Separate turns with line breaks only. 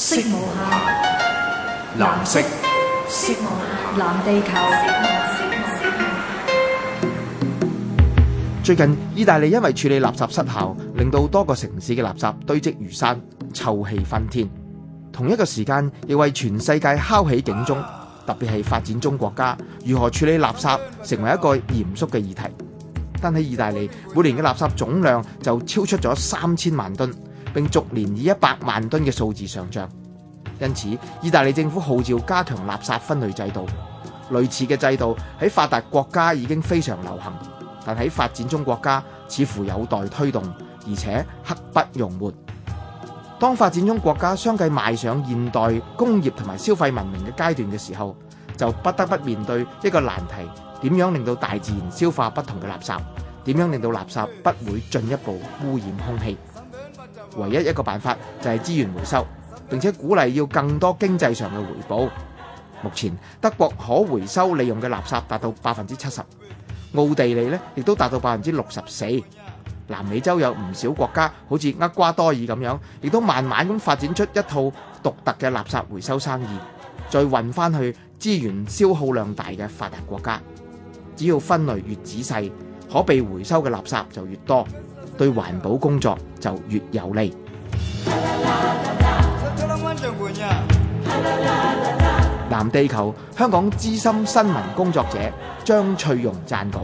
色無限，藍色。色無限，藍色，色無限，藍地球。最近，意大利因為處理垃圾失效，令到多個城市嘅垃圾堆積如山，臭氣熏天。同一個時間，亦為全世界敲起警鐘，特別係發展中國家如何處理垃圾，成為一個嚴肅嘅議題。但喺意大利，每年嘅垃圾總量就超出咗三千萬噸。並逐年以一百萬噸嘅數字上漲，因此，意大利政府號召加強垃圾分類制度。類似嘅制度喺發達國家已經非常流行，但喺發展中國家似乎有待推動，而且刻不容緩。當發展中國家相繼邁上現代工業同埋消費文明嘅階段嘅時候，就不得不面對一個難題：點樣令到大自然消化不同嘅垃圾？點樣令到垃圾不會進一步污染空氣？唯一一個辦法就係資源回收，並且鼓勵要更多經濟上嘅回報。目前德國可回收利用嘅垃圾達到百分之七十，奧地利咧亦都達到百分之六十四。南美洲有唔少國家，好似厄瓜多爾咁樣，亦都慢慢咁發展出一套獨特嘅垃圾回收生意，再運翻去資源消耗量大嘅發達國家。只要分類越仔細，可被回收嘅垃圾就越多，對環保工作就越有利。藍地球，香港資深新聞工作者張翠容撰稿。